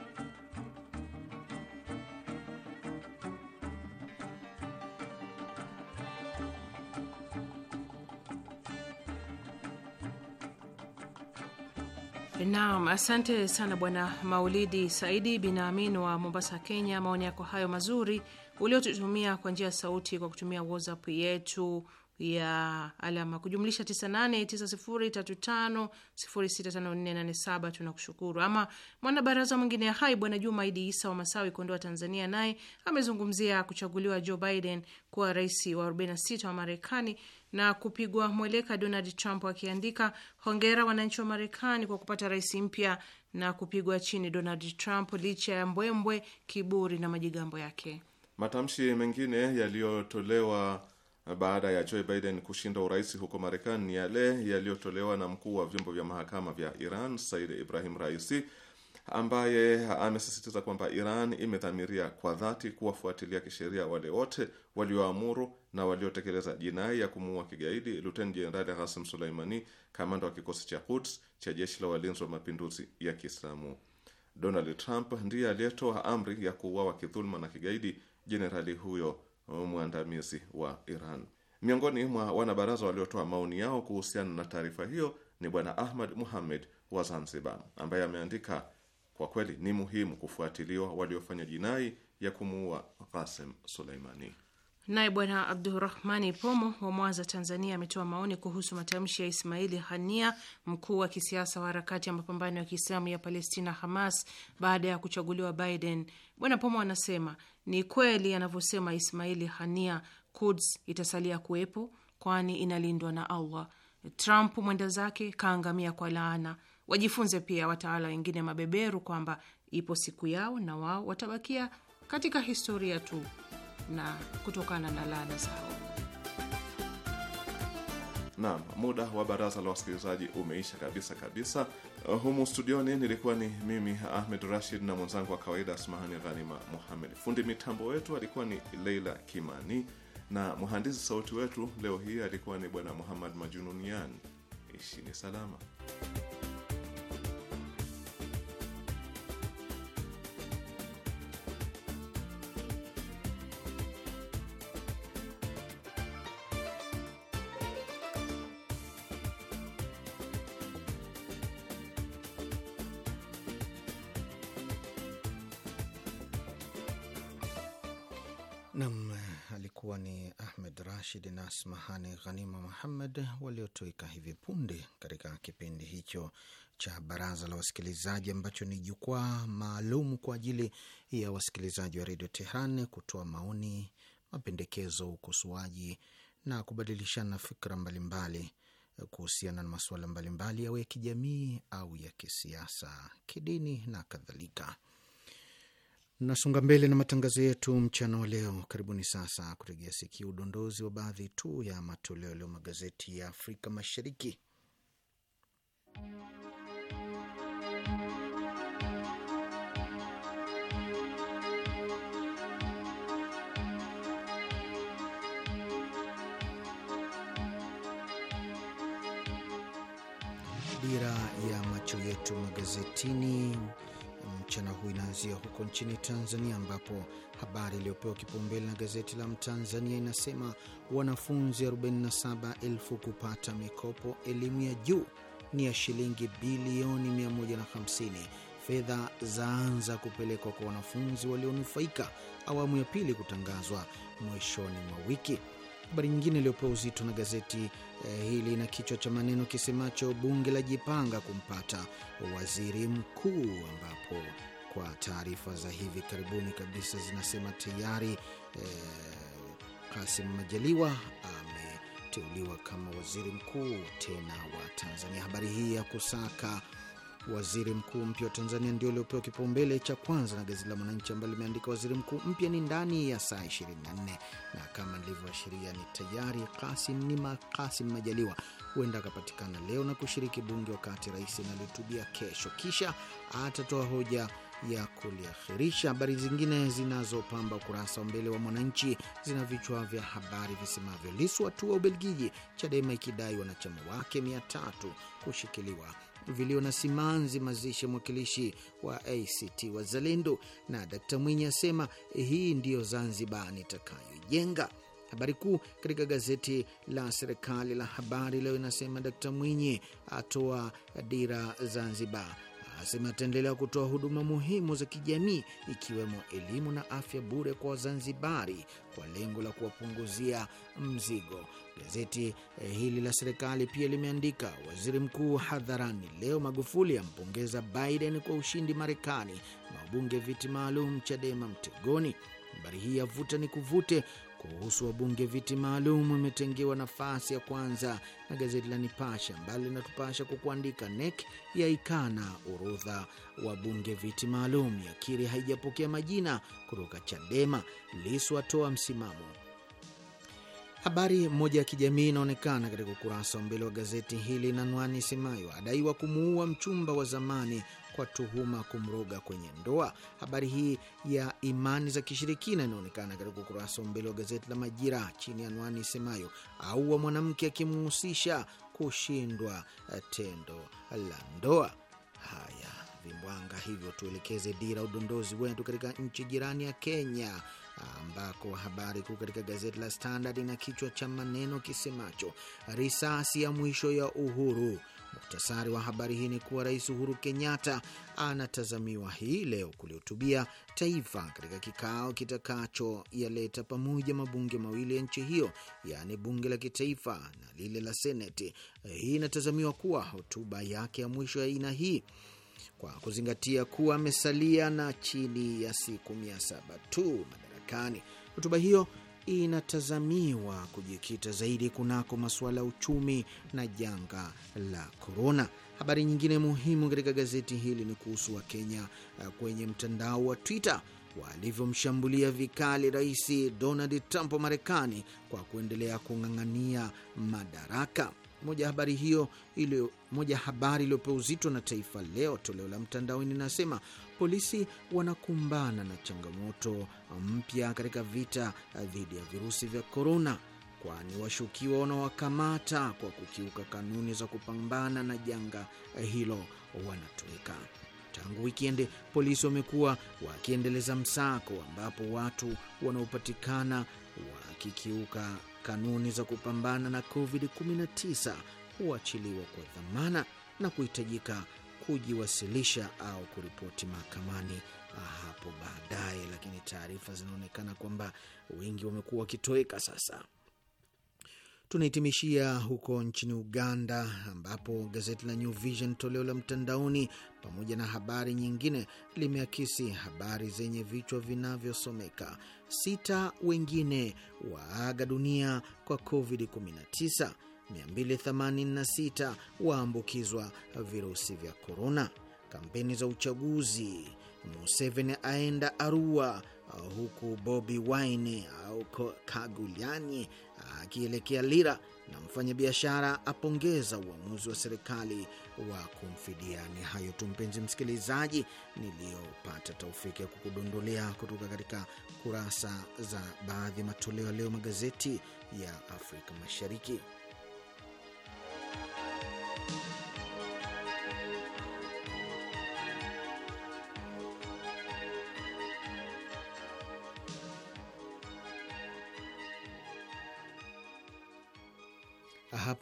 Naam, asante sana bwana Maulidi Saidi bin Amin wa Mombasa, Kenya. Maoni yako hayo mazuri uliotutumia kwa njia ya sauti kwa kutumia WhatsApp yetu ya alama kujumlisha 989035065487 tunakushukuru. Ama mwanabaraza mwingine hai bwana Juma Idi Isa wa Masawi, Kondoa, Tanzania, naye amezungumzia kuchaguliwa Joe Biden kuwa rais wa 46 wa Marekani na kupigwa mweleka Donald Trump akiandika, hongera wananchi wa Marekani kwa kupata rais mpya na kupigwa chini Donald Trump licha ya mbwembwe, kiburi na majigambo yake. Matamshi mengine yaliyotolewa baada ya Joe Biden kushinda urais huko Marekani ni yale yaliyotolewa na mkuu wa vyombo vya mahakama vya Iran Said Ibrahim Raisi ambaye amesisitiza kwamba Iran imedhamiria kwa dhati kuwafuatilia kisheria wale wote walioamuru na waliotekeleza jinai ya kumuua kigaidi Luteni Jenerali Hasim Suleimani, kamanda wa kikosi cha Quds cha jeshi la walinzi wa mapinduzi ya Kiislamu. Donald Trump ndiye aliyetoa amri ya kuuawa kidhuluma na kigaidi jenerali huyo mwandamizi wa Iran. Miongoni mwa wanabaraza waliotoa maoni yao kuhusiana na taarifa hiyo ni Bwana Ahmad Muhamed wa Zanzibar, ambaye ameandika kwa kweli ni muhimu kufuatiliwa waliofanya jinai ya kumuua Qasim Suleimani. Naye Bwana Abdurahmani Pomo wa Mwanza, Tanzania, ametoa maoni kuhusu matamshi ya Ismaili Hania, mkuu wa kisiasa wa harakati ya mapambano ya Kiislamu ya Palestina, Hamas, baada ya kuchaguliwa Biden. Bwana Pomo anasema ni kweli anavyosema Ismaili Hania, Kuds itasalia kuwepo, kwani inalindwa na Allah. Trump mwenda zake kaangamia kwa laana. Wajifunze pia watawala wengine mabeberu kwamba ipo siku yao na wao watabakia katika historia tu na kutokana na laana zao. Naam, muda wa baraza la wasikilizaji umeisha kabisa kabisa. Humu studioni nilikuwa ni mimi Ahmed Rashid na mwenzangu wa kawaida Asmahani Ghanima Muhamed. Fundi mitambo wetu alikuwa ni Leila Kimani na mhandisi sauti wetu leo hii alikuwa ni Bwana Muhammad Majununian. Ishini salama. Muhammad waliotoweka hivi punde katika kipindi hicho cha baraza la wasikilizaji ambacho ni jukwaa maalum kwa ajili ya wasikilizaji wa redio Tehran kutoa maoni, mapendekezo, ukosoaji na kubadilishana fikra mbalimbali kuhusiana na masuala mbalimbali yawe ya kijamii au ya kisiasa, kidini na kadhalika. Nasonga mbele na matangazo yetu mchana wa leo. Karibuni sasa kutegea sikia udondozi wa baadhi tu ya matoleo yaliyo magazeti ya Afrika Mashariki. Dira ya macho yetu magazetini mchana huu inaanzia huko nchini Tanzania, ambapo habari iliyopewa kipaumbele na gazeti la Mtanzania inasema wanafunzi 47,000 kupata mikopo elimu ya juu ni ya shilingi bilioni 150. Fedha zaanza kupelekwa kwa wanafunzi walionufaika, awamu ya pili kutangazwa mwishoni mwa wiki habari nyingine iliyopewa uzito na gazeti eh, hili na kichwa cha maneno kisemacho bunge la jipanga kumpata waziri mkuu, ambapo kwa taarifa za hivi karibuni kabisa zinasema tayari eh, Kasim Majaliwa ameteuliwa kama waziri mkuu tena wa Tanzania. Habari hii ya kusaka Waziri mkuu mpya wa Tanzania ndio uliopewa kipaumbele cha kwanza na gazeti la Mwananchi ambalo limeandika waziri mkuu mpya ni ndani ya saa 24, na kama nilivyoashiria ni tayari Kasim ni Makasim Majaliwa huenda akapatikana leo na kushiriki bunge wakati rais analihutubia kesho, kisha atatoa hoja ya kuliakhirisha. Habari zingine zinazopamba ukurasa wa mbele wa Mwananchi zina vichwa vya habari visemavyo: Lissu atua Ubelgiji, Chadema ikidai wanachama wake mia tatu kushikiliwa vilio na simanzi mazishi ya mwakilishi wa ACT Wazalendo, na Dkt Mwinyi asema hii ndiyo Zanzibar nitakayojenga. Habari kuu katika gazeti la serikali la Habari Leo inasema Dkt Mwinyi atoa dira Zanzibar asema ataendelea kutoa huduma muhimu za kijamii ikiwemo elimu na afya bure kwa Wazanzibari kwa lengo la kuwapunguzia mzigo. Gazeti eh, hili la serikali pia limeandika waziri mkuu hadharani leo, Magufuli ampongeza Biden kwa ushindi Marekani, na wabunge viti maalum Chadema mtegoni. Habari hii yavuta ni kuvute kuhusu wabunge viti maalum imetengewa nafasi ya kwanza na gazeti la Nipashe ambalo linatupasha kwa kuandika NEC yaikana wa bunge viti maalum, yakiri haijapokea majina kutoka Chadema, Lisu atoa msimamo. Habari moja ya kijamii inaonekana katika ukurasa wa mbele wa gazeti hili na nwani isemayo adaiwa kumuua mchumba wa zamani kwa tuhuma kumroga kwenye ndoa. Habari hii ya imani za kishirikina inaonekana katika ukurasa wa mbele wa gazeti la Majira chini ya anwani isemayo aua mwanamke akimhusisha kushindwa eh, tendo la ndoa. Haya vimbwanga hivyo, tuelekeze dira udondozi wetu katika nchi jirani ya Kenya ambako habari kuu katika gazeti la Standard ina kichwa cha maneno kisemacho risasi ya mwisho ya Uhuru Muhtasari wa habari hii ni kuwa Rais Uhuru Kenyatta anatazamiwa hii leo kulihutubia taifa katika kikao kitakachoyaleta pamoja mabunge mawili ya nchi hiyo, yaani bunge la kitaifa na lile la Seneti. Hii inatazamiwa kuwa hotuba yake ya mwisho ya aina hii kwa kuzingatia kuwa amesalia na chini ya siku mia saba tu madarakani. Hotuba hiyo inatazamiwa kujikita zaidi kunako masuala ya uchumi na janga la korona. Habari nyingine muhimu katika gazeti hili ni kuhusu Wakenya eh, kwenye mtandao wa Twitter walivyomshambulia vikali Rais Donald Trump wa Marekani kwa kuendelea kung'ang'ania madaraka. Moja habari hiyo moja habari iliyopewa uzito na Taifa Leo toleo la mtandaoni inasema polisi wanakumbana na changamoto mpya katika vita dhidi ya virusi vya korona, kwani washukiwa wanawakamata kwa kukiuka kanuni za kupambana na janga hilo wanatoweka. Tangu wikendi polisi wamekuwa wakiendeleza msako ambapo watu wanaopatikana wakikiuka kanuni za kupambana na COVID-19 huachiliwa kwa dhamana na kuhitajika kujiwasilisha au kuripoti mahakamani ah, hapo baadaye, lakini taarifa zinaonekana kwamba wengi wamekuwa wakitoweka sasa. tunahitimishia huko nchini Uganda, ambapo gazeti la New Vision toleo la mtandaoni, pamoja na habari nyingine, limeakisi habari zenye vichwa vinavyosomeka: sita wengine waaga dunia kwa COVID-19, 286 waambukizwa virusi vya korona. Kampeni za uchaguzi, Museveni aenda Arua, huku Bobi Wine au Kaguliani akielekea Lira, na mfanyabiashara apongeza uamuzi wa serikali wa kumfidia. Ni hayo tu, mpenzi msikilizaji, niliyopata taufiki ya kukudondolea kutoka katika kurasa za baadhi ya matoleo ya leo magazeti ya Afrika Mashariki.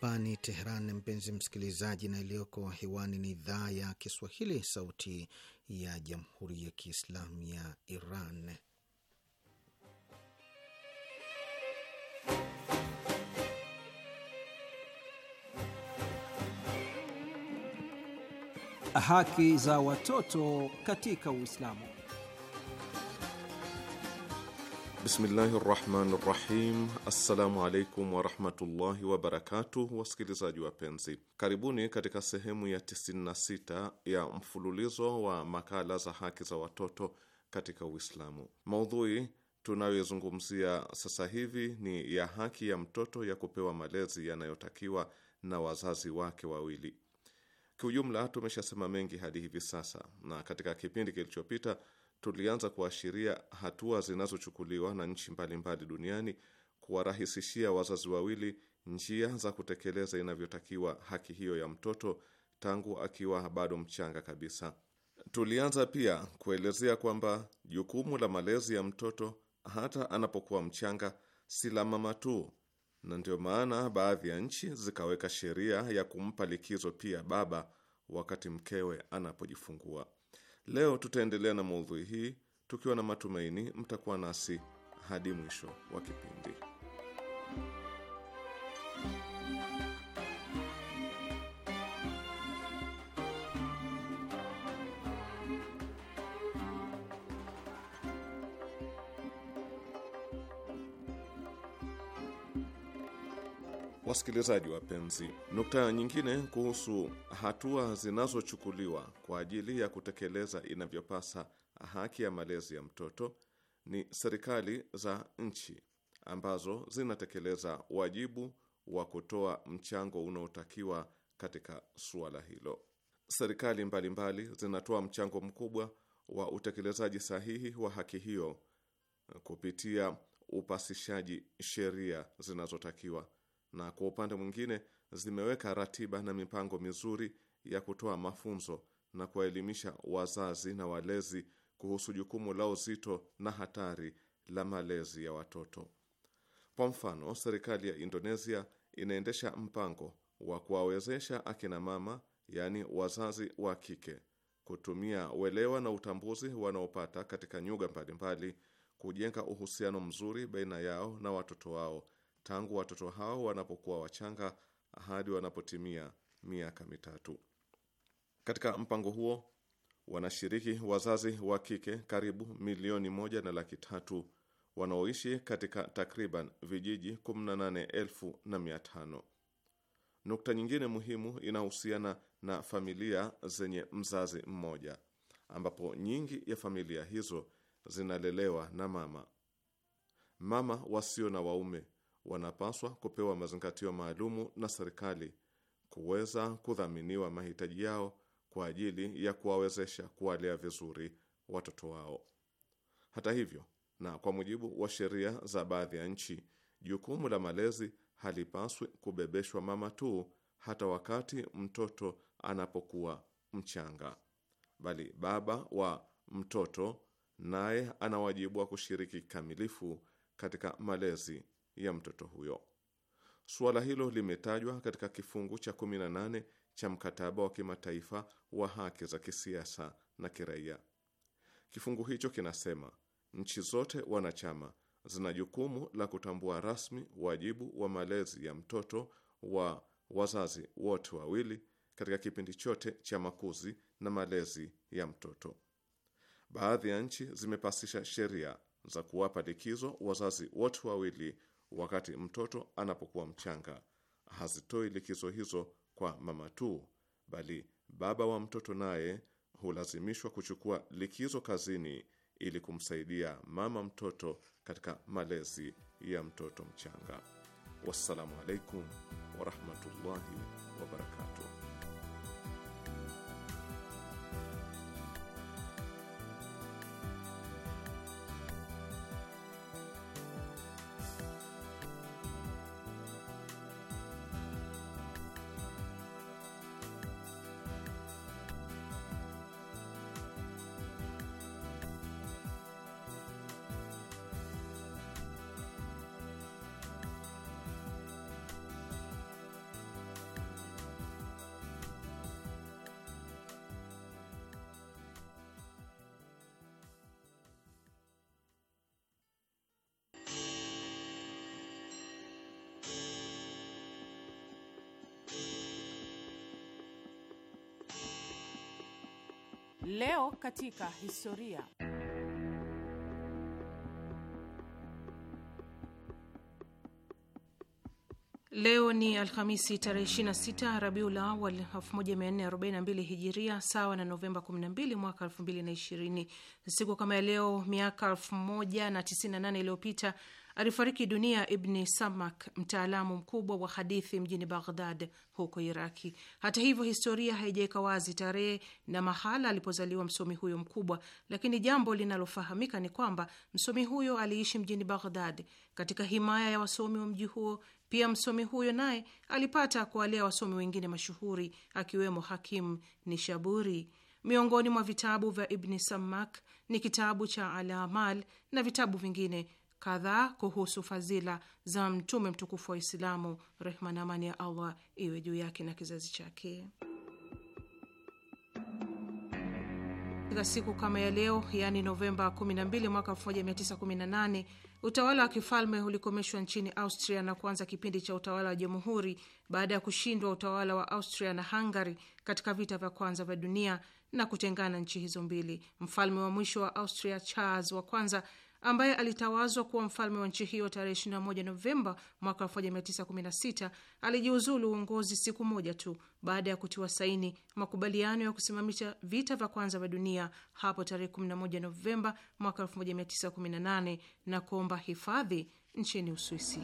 Hapa ni Tehran, mpenzi msikilizaji, na iliyoko hewani ni idhaa ya Kiswahili, sauti ya jamhuri ya kiislamu ya Iran. Haki za watoto katika Uislamu. Bismillahi rahmani rahim. Assalamu alaikum warahmatullahi wabarakatuh. Wasikilizaji wapenzi, karibuni katika sehemu ya 96 ya mfululizo wa makala za haki za watoto katika Uislamu. Maudhui tunayoizungumzia sasa hivi ni ya haki ya mtoto ya kupewa malezi yanayotakiwa na wazazi wake wawili. Kiujumla, tumeshasema mengi hadi hivi sasa, na katika kipindi kilichopita tulianza kuashiria hatua zinazochukuliwa na nchi mbalimbali duniani kuwarahisishia wazazi wawili njia za kutekeleza inavyotakiwa haki hiyo ya mtoto tangu akiwa bado mchanga kabisa. Tulianza pia kuelezea kwamba jukumu la malezi ya mtoto hata anapokuwa mchanga si la mama tu, na ndio maana baadhi ya nchi zikaweka sheria ya kumpa likizo pia baba wakati mkewe anapojifungua. Leo tutaendelea na maudhui hii tukiwa na matumaini mtakuwa nasi hadi mwisho wa kipindi. Wasikilizaji wapenzi, nukta nyingine kuhusu hatua zinazochukuliwa kwa ajili ya kutekeleza inavyopasa haki ya malezi ya mtoto ni serikali za nchi ambazo zinatekeleza wajibu wa kutoa mchango unaotakiwa katika suala hilo. Serikali mbalimbali zinatoa mchango mkubwa wa utekelezaji sahihi wa haki hiyo kupitia upasishaji sheria zinazotakiwa na kwa upande mwingine zimeweka ratiba na mipango mizuri ya kutoa mafunzo na kuwaelimisha wazazi na walezi kuhusu jukumu lao zito na hatari la malezi ya watoto. Kwa mfano, serikali ya Indonesia inaendesha mpango wa kuwawezesha akina mama, yaani wazazi wa kike, kutumia uelewa na utambuzi wanaopata katika nyuga mbalimbali kujenga uhusiano mzuri baina yao na watoto wao tangu watoto hao wanapokuwa wachanga hadi wanapotimia miaka mitatu. Katika mpango huo wanashiriki wazazi wa kike karibu milioni moja na laki tatu wanaoishi katika takriban vijiji tano Nukta nyingine muhimu inahusiana na familia zenye mzazi mmoja, ambapo nyingi ya familia hizo zinalelewa na mama. Mama wasio na waume wanapaswa kupewa mazingatio maalumu na serikali kuweza kudhaminiwa mahitaji yao kwa ajili ya kuwawezesha kuwalea vizuri watoto wao. Hata hivyo, na kwa mujibu wa sheria za baadhi ya nchi, jukumu la malezi halipaswi kubebeshwa mama tu, hata wakati mtoto anapokuwa mchanga, bali baba wa mtoto naye ana wajibu wa kushiriki kikamilifu katika malezi ya mtoto huyo. Suala hilo limetajwa katika kifungu cha 18 cha mkataba wa kimataifa wa haki za kisiasa na kiraia. Kifungu hicho kinasema nchi zote wanachama zina jukumu la kutambua rasmi wajibu wa malezi ya mtoto wa wazazi wote wawili katika kipindi chote cha makuzi na malezi ya mtoto. Baadhi ya nchi zimepasisha sheria za kuwapa likizo wazazi wote wawili wakati mtoto anapokuwa mchanga. Hazitoi likizo hizo kwa mama tu, bali baba wa mtoto naye hulazimishwa kuchukua likizo kazini ili kumsaidia mama mtoto katika malezi ya mtoto mchanga. Wassalamu alaikum warahmatullahi wabarakatuh. Leo katika historia. Leo ni Alhamisi tarehe 26 Rabiul Awal 1442 Hijiria, sawa na Novemba 12 mwaka 2020. Siku kama ya leo miaka 1098 iliyopita alifariki dunia Ibni Samak, mtaalamu mkubwa wa hadithi mjini Baghdad huko Iraki. Hata hivyo, historia haijaweka wazi tarehe na mahala alipozaliwa msomi huyo mkubwa, lakini jambo linalofahamika ni kwamba msomi huyo aliishi mjini Baghdad katika himaya ya wasomi wa mji huo. Pia msomi huyo naye alipata kuwalea wasomi wengine mashuhuri akiwemo Hakim Nishaburi. Miongoni mwa vitabu vya Ibni Samak ni kitabu cha Alamal na vitabu vingine kadhaa kuhusu fadhila za mtume mtukufu wa Uislamu, rehma na amani ya Allah iwe juu yake na kizazi chake. Katika siku kama ya leo, yaani Novemba 12 mwaka 1918, utawala wa kifalme ulikomeshwa nchini Austria na kuanza kipindi cha utawala wa jamhuri baada ya kushindwa utawala wa Austria na Hungary katika vita vya kwanza vya dunia na kutengana nchi hizo mbili. Mfalme wa mwisho wa Austria Charles wa kwanza ambaye alitawazwa kuwa mfalme wa nchi hiyo tarehe 21 Novemba mwaka 1916, alijiuzulu uongozi siku moja tu baada ya kutiwa saini makubaliano ya kusimamisha vita vya kwanza vya dunia hapo tarehe 11 Novemba mwaka 1918 na kuomba hifadhi nchini Uswisi.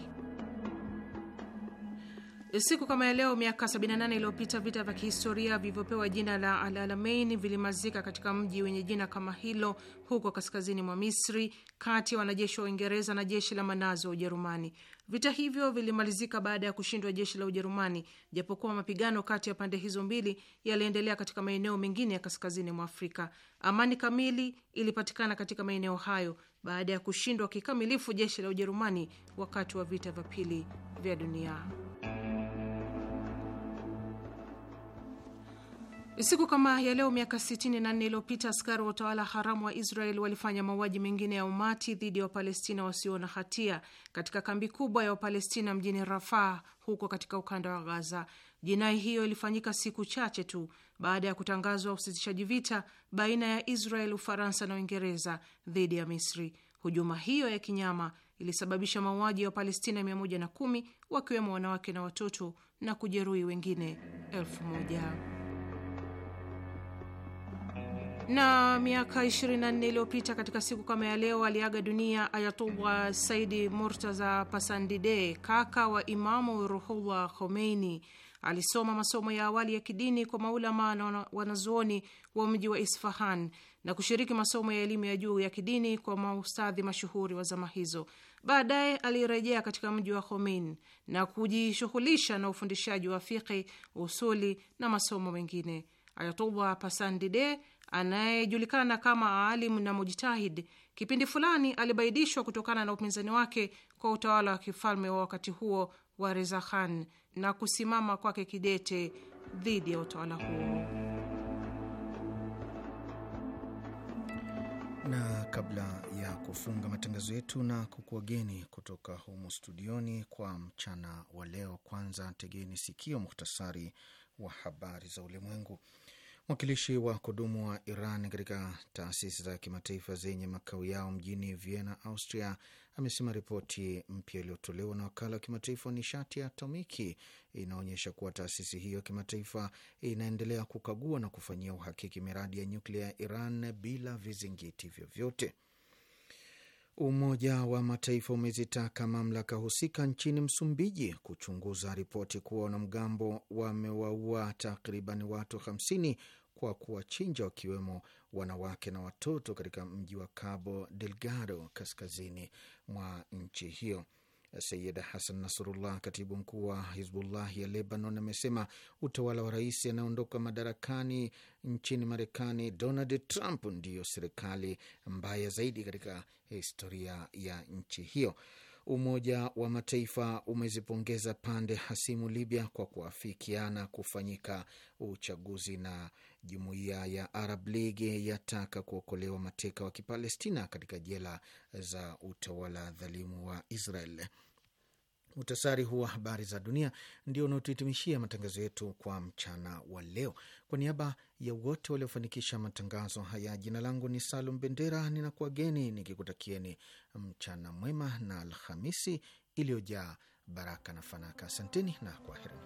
Siku kama ya leo miaka 78 iliyopita vita vya kihistoria vilivyopewa jina la Al Alamein vilimalizika katika mji wenye jina kama hilo huko kaskazini mwa Misri, kati ya wanajeshi wa Uingereza na jeshi la manazo wa Ujerumani. Vita hivyo vilimalizika baada ya kushindwa jeshi la Ujerumani, japokuwa mapigano kati ya pande hizo mbili yaliendelea katika maeneo mengine ya kaskazini mwa Afrika. Amani kamili ilipatikana katika maeneo hayo baada ya kushindwa kikamilifu jeshi la Ujerumani wakati wa vita vya pili vya dunia. Siku kama ya leo miaka 64 iliyopita askari wa utawala haramu wa Israel walifanya mauaji mengine ya umati dhidi ya Wapalestina wasio na hatia katika kambi kubwa ya Wapalestina mjini Rafah huko katika ukanda wa Gaza. Jinai hiyo ilifanyika siku chache tu baada ya kutangazwa usitishaji vita baina ya Israel, Ufaransa na Uingereza dhidi ya Misri. Hujuma hiyo ya kinyama ilisababisha mauaji ya Wapalestina 110 wakiwemo wanawake na watoto na kujeruhi wengine elfu moja. Na miaka 24 iliyopita katika siku kama ya leo aliaga dunia Ayatullah Saidi Murtaza Pasandide, kaka wa Imamu Ruhullah Khomeini. Alisoma masomo ya awali ya kidini kwa maulama na wanazuoni wa mji wa Isfahan na kushiriki masomo ya elimu ya juu ya kidini kwa maustadhi mashuhuri wa zama hizo. Baadaye alirejea katika mji wa Khomein na kujishughulisha na ufundishaji wa fiqhi, usuli na masomo mengine. Ayatullah Pasandide anayejulikana kama alim na mujtahid, kipindi fulani alibaidishwa kutokana na upinzani wake kwa utawala wa kifalme wa wakati huo wa Reza Khan na kusimama kwake kidete dhidi ya utawala huo. na kabla ya kufunga matangazo yetu na kukuageni kutoka humo studioni kwa mchana wa leo, kwanza tegeni sikio muhtasari wa habari za ulimwengu. Mwakilishi wa kudumu wa Iran katika taasisi za kimataifa zenye makao yao mjini Vienna, Austria, amesema ripoti mpya iliyotolewa na wakala wa kimataifa wa nishati ya atomiki inaonyesha kuwa taasisi hiyo ya kimataifa inaendelea kukagua na kufanyia uhakiki miradi ya nyuklia ya Iran bila vizingiti vyovyote. Umoja wa Mataifa umezitaka mamlaka husika nchini Msumbiji kuchunguza ripoti kuwa wanamgambo wamewaua takriban watu kwa kuwachinja wakiwemo wanawake na watoto katika mji wa Cabo Delgado kaskazini mwa nchi hiyo. Sayid Hasan Nasrullah, katibu mkuu wa Hizbullah ya Lebanon, amesema utawala wa rais anayeondoka madarakani nchini Marekani, Donald Trump, ndiyo serikali mbaya zaidi katika historia ya nchi hiyo. Umoja wa Mataifa umezipongeza pande hasimu Libya kwa kuafikiana kufanyika uchaguzi, na jumuiya ya Arab League yataka kuokolewa mateka wa Kipalestina katika jela za utawala dhalimu wa Israel. Muhtasari huu wa habari za dunia ndio unaotuhitimishia matangazo yetu kwa mchana wa leo. Kwa niaba ya wote waliofanikisha matangazo haya, jina langu ni Salum Bendera, ninakuageni nikikutakieni mchana mwema na Alhamisi iliyojaa baraka na fanaka. Asanteni na kwaherini.